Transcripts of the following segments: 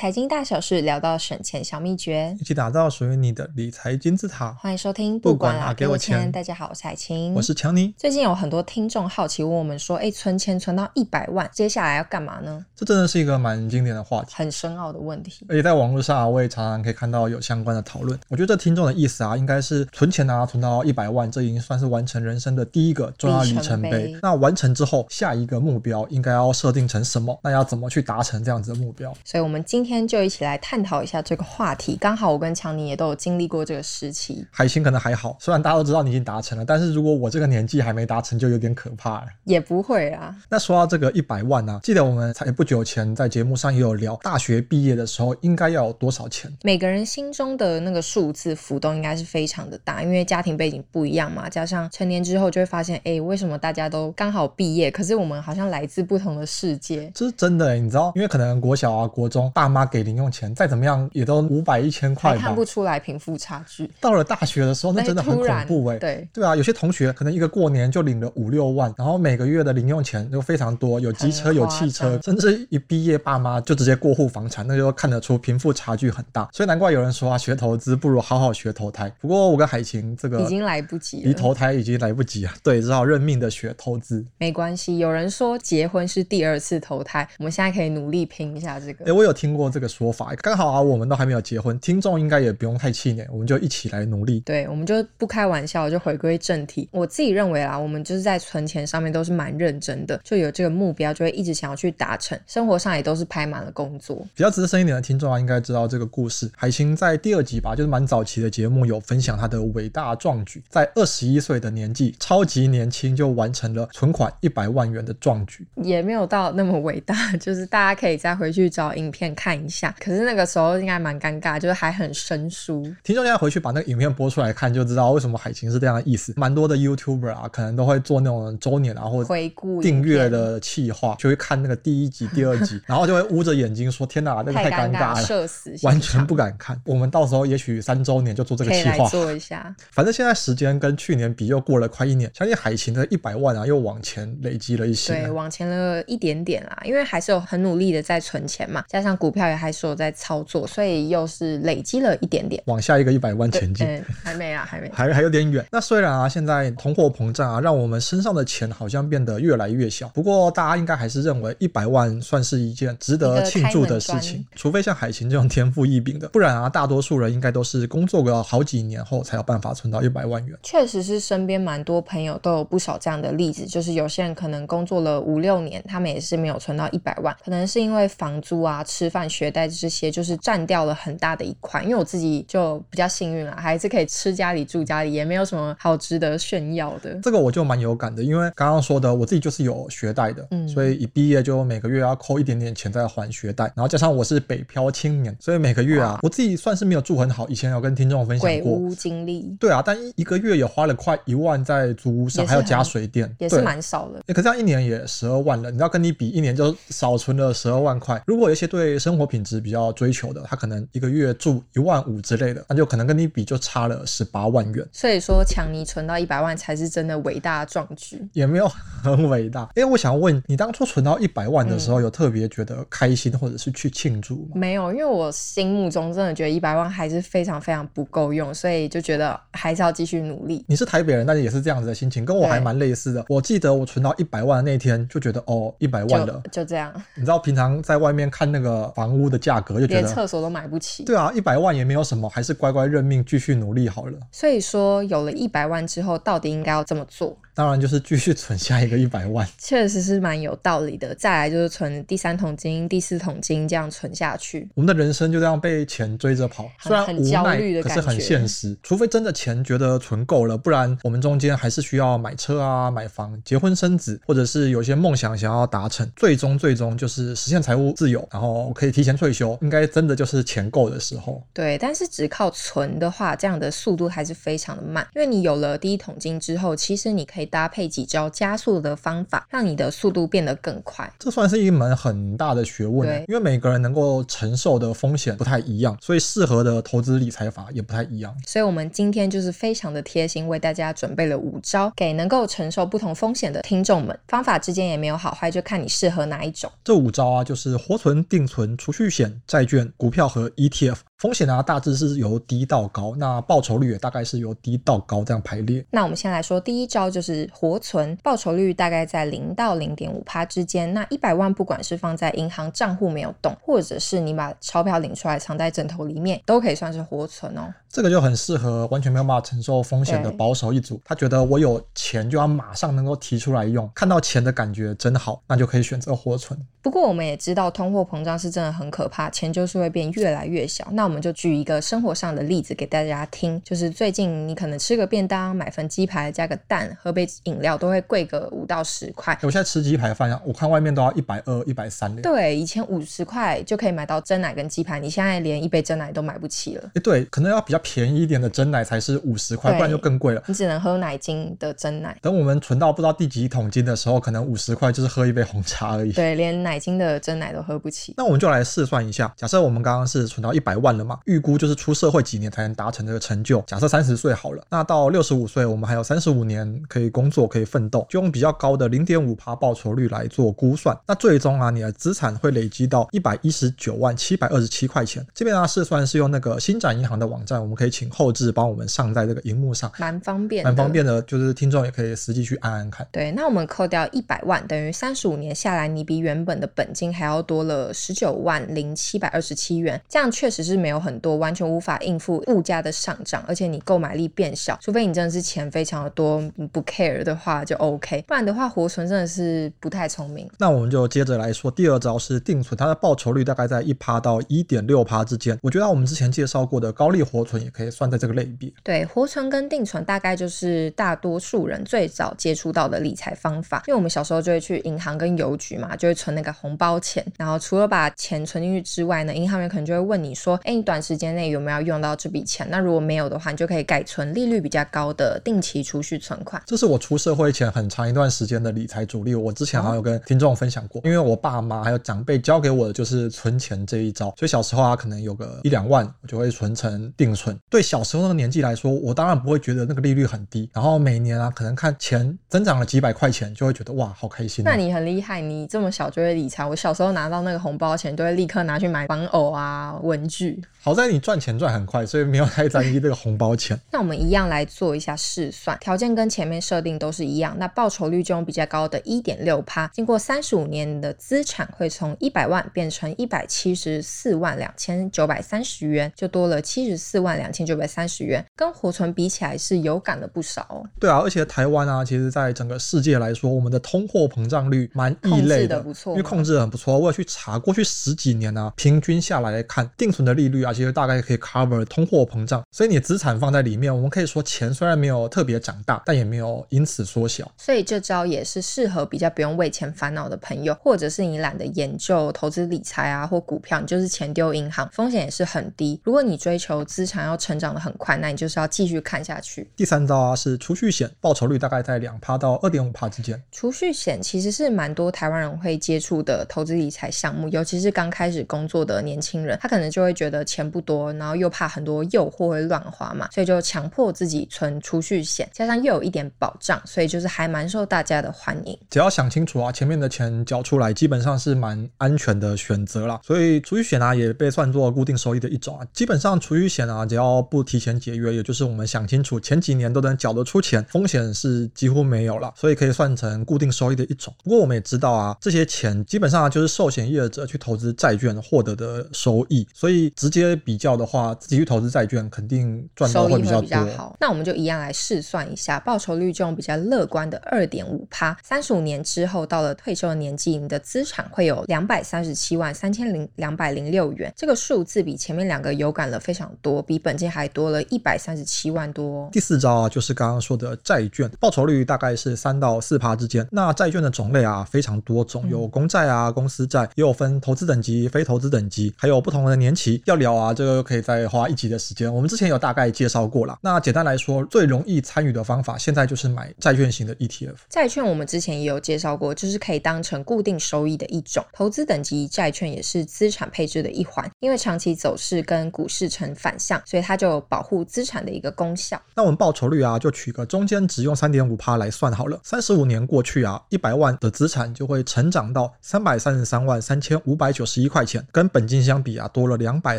財經大小事，聊到省錢小秘訣，一起打造屬於你的理財金字塔。歡迎收聽，不管啦、啊，給我錢。大家好，我是海晴，我是強尼。最近有很多聽眾好奇問我們說：“哎，存錢存到一百萬，接下來要幹嘛呢？”這真的是一個蠻經典的話題，很深奧的問題。而且在網絡上我也常常可以看到有相關的討論。我覺得這聽眾的意思啊，應該是存錢呢、啊、存到一百萬，這已經算是完成人生的第一個重要里程碑。那完成之後，下一個目標應該要設定成什麼？那要怎麼去達成這樣子的目標？所以我們今天。今天就一起來探討一下這個話題。剛好我跟強尼也都有經歷過這個時期，海晴可能還好，雖然大家都知道你已經達成了，但是如果我這個年紀還沒達成，就有點可怕了。也不會啊。那說到這個一百萬呢、啊？記得我們才不久前在節目上也有聊，大學畢業的時候應該要有多少錢？每個人心中的那個數字浮動應該是非常的大，因為家庭背景不一樣嘛。加上成年之後就會發現，哎、欸，為什麼大家都剛好畢業，可是我們好像來自不同的世界？這是真的、欸，你知道，因為可能國小啊、國中大媽。他給零用錢，再怎麼樣也都五百一千塊，看不出來貧富差距。到了大學的時候，那真的很恐怖哎、欸。對，對啊，有些同學可能一個過年就領了五六萬，然後每個月的零用錢就非常多，有機車，有汽車，甚至一畢業，爸媽就直接過戶房產，那就看得出貧富差距很大。所以難怪有人說啊，學投資不如好好學投胎。不過我跟海晴這個已經來不及了，離投胎已經來不及了。對，只好認命的學投資。沒關係，有人說結婚是第二次投胎，我們現在可以努力拼一下這個。哎、欸，我有聽過。這個說法剛好啊，我們都還沒有結婚，聽眾應該也不用太氣餒，我們就一起來努力。對，我們就不開玩笑，就回歸正題。我自己認為啊，我們就是在存錢上面都是蠻認真的，就有這個目標，就會一直想要去達成。生活上也都是排滿了工作。比較資深一點的聽眾啊，應該知道這個故事。海晴在第二集吧，就是蠻早期的節目，有分享她的偉大壯舉，在二十一歲的年紀，超級年輕就完成了存款一百萬元的壯舉。也沒有到那麼偉大，就是大家可以再回去找影片看一看。影響。可是那個時候應該蠻尷尬，就是還很生疏。聽眾，現在回去把那個影片播出來看，就知道為什麼海晴是這樣的意思。蠻多的 YouTuber 啊，可能都會做那種周年啊，然後回顧訂閱的企劃，就會看那個第一集、第二集， 然後就會捂着眼睛說：“天哪、啊，那個太尷尬了，社死，完全不敢看。”我們到時候也許三周年就做這個企劃，做一下。反正現在時間跟去年比又過了快一年，相信海晴的一百萬啊又往前累積了一些，對，往前了一點點啦，因為還是有很努力的在存錢嘛，加上股票。還是有在操作，所以又是累積了一點點，往下一個一百萬前進，嗯。還沒啊，還沒，還還有點遠。那雖然啊，現在通貨膨脹啊，讓我們身上的錢好像變得越來越小。不過大家應該還是認為一百萬算是一件值得慶祝的事情，除非像海琴這種天賦異稟的，不然啊，大多數人應該都是工作個好幾年後才有辦法存到一百萬元。確實是身邊蠻多朋友都有不少這樣的例子，就是有些人可能工作了五六年，他們也是沒有存到一百萬，可能是因為房租啊、吃飯。學貸這些就是占掉了很大的一塊，因為我自己就比較幸運了，還是可以吃家裡住家裡，也沒有什麼好值得炫耀的。這個我就蠻有感的，因為剛剛說的，我自己就是有學貸的，嗯，所以一畢業就每個月要扣一點點錢再還學貸，然後加上我是北漂青年，所以每個月啊，我自己算是沒有住很好。以前有跟聽眾分享過，鬼屋經歷，對啊，但一個月也花了快一萬在租屋上，還要加水電，也是蠻少的。你可這樣一年也十二萬了，你要跟你比，一年就少存了十二萬塊。如果有一些對生活。品質比較追求的，他可能一個月住一萬五之類的，那就可能跟你比就差了十八萬元。所以說，強尼存到一百萬才是真的偉大壯舉，也沒有很偉大。為、欸、我想要問你，當初存到一百萬的時候，嗯、有特別覺得開心，或者是去慶祝嗎？沒有，因為我心目中真的覺得一百萬還是非常非常不夠用，所以就覺得還是要繼續努力。你是台北人，那你也是這樣子的心情，跟我還蠻類似的。我記得我存到一百萬的那天就覺得哦，一百萬了就，就這樣。你知道平常在外面看那個房。屋的價格就連廁所都買不起，對啊，一百萬也沒有什麼，還是乖乖認命，繼續努力好了。所以說，有了一百萬之後，到底應該要怎麼做？當然就是繼續存下一個一百萬，確實是蠻有道理的。再來就是存第三桶金、第四桶金，這樣存下去。我們的人生就這樣被錢追着跑，雖然很，很焦慮的感覺，可是很現實。除非真的錢覺得存夠了，不然我們中間還是需要買車啊、買房、結婚生子，或者是有些夢想想要達成。最終，最終就是實現財務自由，然後可以。提前退休應該真的就是錢夠的時候。對，但是只靠存的話，這樣的速度還是非常的慢。因為你有了第一桶金之後，其實你可以搭配幾招加速的方法，讓你的速度變得更快。這算是一門很大的學問，因為每個人能夠承受的風險不太一樣，所以適合的投資理財法也不太一樣。所以我們今天就是非常的貼心，為大家準備了五招，給能夠承受不同風險的聽眾們。方法之間也沒有好壞，就看你適合哪一種。這五招啊，就是活存、定存、出。儲蓄險、債券、股票和 ETF。風險呢、啊，大致是由低到高，那報酬率也大概是由低到高這樣排列。那我們先來說第一招，就是活存，報酬率大概在零到零點五趴之間。那一百萬不管是放在銀行賬戶沒有動，或者是你把鈔票領出來藏在枕頭裡面，都可以算是活存哦。這個就很適合完全沒有辦法承受風險的保守一族，他覺得我有錢就要馬上能夠提出來用，看到錢的感覺真好，那就可以選擇活存。不過我們也知道通貨膨脹是真的很可怕，錢就是會變越來越小。那我我們就舉一個生活上的例子給大家聽，就是最近你可能吃個便當、買份雞排加個蛋、喝杯飲料都會貴個五到十塊。欸，我現在吃雞排飯，我看外面都要一百二、一百三，對，以前五十塊就可以買到珍奶跟雞排，你現在連一杯珍奶都買不起了。哎、欸，對，可能要比較便宜一點的珍奶才是五十塊，不然就更貴了。你只能喝奶精的珍奶。等我們存到不知道第幾桶金的時候，可能五十塊就是喝一杯紅茶而已。對，連奶精的珍奶都喝不起。 那我們就來試算一下，假設我們剛剛是存到一百萬了。預估就是出社會幾年才能達成這個成就。假設三十歲好了，那到六十五歲，我們還有三十五年可以工作，可以奮鬥。就用比較高的零點五趴報酬率來做估算，那最終啊，你的資產會累積到一百一十九萬七百二十七塊錢。這邊啊，是算是用那個星展銀行的網站，我們可以請後製幫我們上在這個熒幕上，蠻方便的，蠻方便的，就是聽眾也可以實際去按按看。對，那我們扣掉一百萬，等於三十五年下來，你比原本的本金還要多了十九萬零七百二十七元。這樣確實是沒。有很多完全無法應付物價的上漲，而且你購買力變小，除非你真的是錢非常的多不 care 的話就 OK，不然的話活存真的是不太聰明。那我們就接着來說，第二招是定存，它的報酬率大概在一趴到一點六趴之間。我覺得我們之前介紹過的高利活存也可以算在這個類別。對，活存跟定存大概就是大多數人最早接觸到的理財方法，因為我們小時候就會去銀行跟郵局嘛，就會存那個紅包錢。然後除了把錢存進去之外呢，銀行員可能就會問你說，哎。短時間內有沒有用到這筆錢？那如果沒有的話，你就可以改存利率比較高的定期儲蓄存款。這是我出社會前很長一段時間的理財主力。我之前還有跟聽眾分享過、嗯，因為我爸媽還有長輩教給我的就是存錢這一招。所以小時候啊，可能有個一兩萬，我就會存成定存。對小時候那個年紀來說，我當然不會覺得那個利率很低。然後每年啊，可能看錢增長了幾百塊錢，就會覺得哇，好開心、啊。那你很厲害，你這麼小就會理財。我小時候拿到那個紅包錢，都會立刻拿去買玩偶啊、文具。好在你賺錢賺很快，所以沒有太在意這個紅包錢。 那我們一樣來做一下試算，條件跟前面設定都是一樣。那報酬率就用比較高的1.6%，經過35年的資產會從100萬變成174萬2930元，就多了74萬2930元，跟活存比起來是有感了不少哦。對啊，而且台灣啊，其實在整個世界來說，我們的通貨膨脹率蠻異類的，的不錯，因為控制的很不錯，嗯。我也去查過去十幾年啊，平均下來，來看定存的利。率而且大概可以 cover 通貨膨脹，所以你資產放在裡面，我們可以說錢雖然沒有特別長大，但也沒有因此縮小。所以這招也是適合比較不用為錢煩惱的朋友，或者是你懶得研究投資理財啊或股票，你就是錢丟銀行，風險也是很低。如果你追求資產要成長的很快，那你就是要繼續看下去。第三招啊是儲蓄險，報酬率大概在兩趴到二點五趴之間。儲蓄險其實是蠻多台灣人會接觸的投資理財項目，尤其是剛開始工作的年輕人，他可能就會覺得。錢不多，然後又怕很多誘惑會亂花嘛，所以就強迫自己存儲蓄險，加上又有一點保障，所以就是還蠻受大家的歡迎。只要想清楚啊，前面的錢交出來，基本上是蠻安全的選擇啦。所以儲蓄險啊，也被算作固定收益的一種啊。基本上儲蓄險啊，只要不提前解約，也就是我們想清楚前幾年都能繳得出錢，風險是幾乎沒有了，所以可以算成固定收益的一種。不過我們也知道啊，這些錢基本上就是壽險業者去投資債券獲得的收益，所以只直接比較的話，自己去投資債券肯定賺收益會比較好。那我們就一樣來試算一下，報酬率就用比較樂觀的二點五趴，三十五年之後到了退休的年紀，你的資產會有兩百三十七萬三千零兩百零六元。這個數字比前面兩個有感了非常多，比本金還多了一百三十七萬多。哦，第四招，啊，就是剛剛說的債券，報酬率大概是三到四趴之間。那債券的種類啊非常多種，嗯、有公債啊、公司債，也有分投資等級、非投資等級，還有不同的年期要聊啊，這個可以再花一集的時間。我們之前有大概介紹過了。那簡單來說，最容易參與的方法，現在就是買債券型的 ETF。債券我們之前也有介紹過，就是可以當成固定收益的一種。投資等級債券也是資產配置的一環，因為長期走勢跟股市成反向，所以它就保護資產的一個功效。那我們報酬率啊，就取個中間值用，用三點五趴來算好了。三十五年過去啊，一百萬的資產就會成長到三百三十三萬三千五百九十一塊錢，跟本金相比啊，多了兩百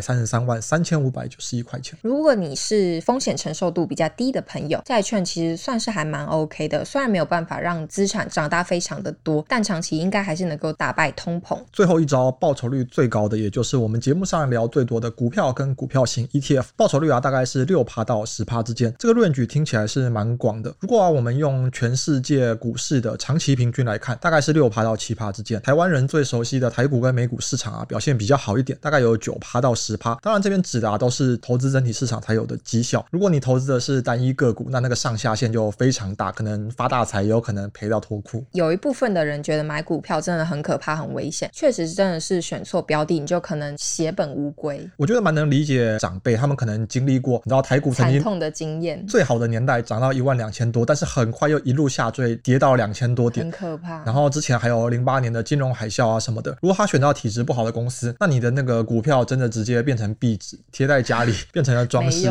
三。三十三萬三千五百九十一塊錢。如果你是風險承受度比較低的朋友，債券其實算是還蠻 OK 的。雖然沒有辦法讓資產長大非常的多，但長期應該還是能夠打敗通膨。最後一招報酬率最高的，也就是我們節目上聊最多的股票跟股票型 ETF，報酬率啊大概是六趴到十趴之間。這個 range 聽起來是蠻廣的。如果啊我們用全世界股市的長期平均來看，大概是六趴到七趴之間。台灣人最熟悉的台股跟美股市場啊表現比較好一點，大概有九趴到十。當然，這邊指的、啊、都是投資整體市場才有的績效。如果你投資的是單一個股，那那個上下限就非常大，可能發大財也有可能賠到脫褲。有一部分的人覺得買股票真的很可怕、很危險，確實真的是選錯標的，你就可能血本無歸。我覺得蠻能理解長輩，他們可能經歷過，你知道台股曾經慘痛的經驗。最好的年代漲到一萬兩千多，但是很快又一路下墜，跌到兩千多點，很可怕。然後之前還有零八年的金融海嘯啊什麼的。如果他選到體質不好的公司，那你的那個股票真的直接變。變成壁紙貼在家裡，變成了裝飾，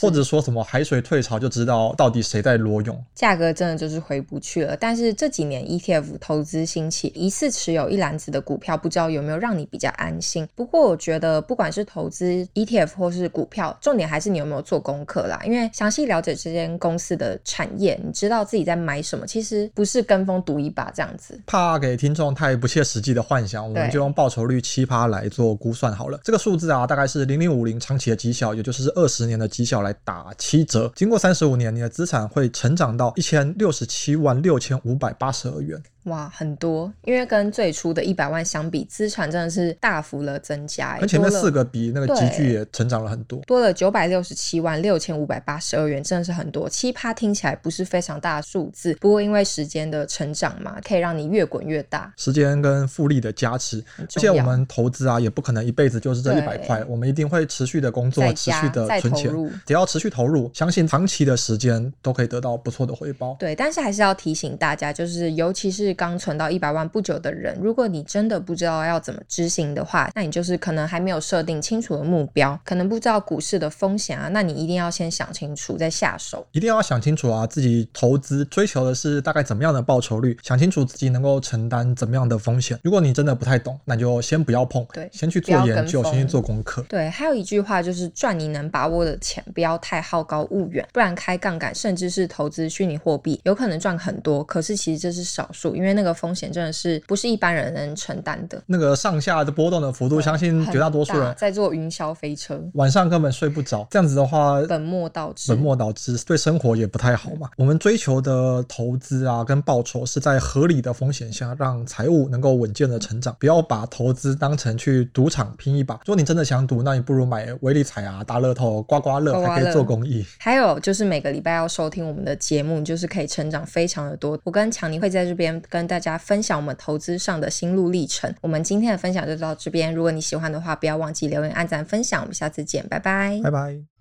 或者說什麼海水退潮就知道到底誰在裸泳。價格真的就是回不去了。但是這幾年 ETF 投資興起，一次持有一籃子的股票，不知道有沒有讓你比較安心。不過我覺得，不管是投資 ETF 或是股票，重點還是你有沒有做功課啦。因為詳細了解這間公司的產業，你知道自己在買什麼，其實不是跟風賭一把這樣子。怕給聽眾太不切實際的幻想，我們就用報酬率七趴來做估算好了。這個數字啊，大。大概是零零五零長期的績效，也就是二十年的績效來打七折，經過三十五年，你的資產會成長到一千六十七萬六千五百八十二元。哇，很多，因為跟最初的一百萬相比，資產真的是大幅的增加、欸，跟前面四個比，那個級距，也成長了很多，多了九百六十七萬六千五百八十二元，真的是很多。七趴聽起來不是非常大的數字，不過因為時間的成長嘛，可以讓你越滾越大。時間跟複利的加持，而且我們投資啊，也不可能一輩子就是這一百塊，我們一定會持續的工作，持續的存錢，只要持續投入，相信長期的時間都可以得到不錯的回報。對，但是還是要提醒大家，就是尤其是。剛存到一百萬不久的人，如果你真的不知道要怎麼執行的話，那你就是可能還沒有設定清楚的目標，可能不知道股市的風險啊。那你一定要先想清楚再下手，一定要想清楚啊，自己投資追求的是大概怎麼樣的報酬率，想清楚自己能夠承擔怎麼樣的風險。如果你真的不太懂，那就先不要碰，對，先去做研究，先去做功課。對，還有一句話就是賺你能把握的錢，不要太好高騖遠，不然開槓桿甚至是投資虛擬貨幣，有可能賺很多，可是其實這是少數，因為那個風險真的是不是一般人能承擔的，那個上下的波動的幅度，相信絕大多數人在做雲霄飛車，晚上根本睡不着。這樣子的話，本末倒置，本末倒置對生活也不太好嘛。我們追求的投資啊，跟報酬是在合理的風險下，讓財務能夠穩健的成長。不要把投資當成去賭場拼一把。如果你真的想賭，那你不如買威力彩啊，大樂透、刮刮樂，還可以做公益。還有就是每個禮拜要收聽我們的節目，就是可以成長非常的多。我跟強尼會在這邊。跟大家分享我們投資上的心路歷程。我們今天的分享就到這邊。如果你喜歡的話，不要忘記留言、按讚、分享。我們下次見，拜拜，拜拜。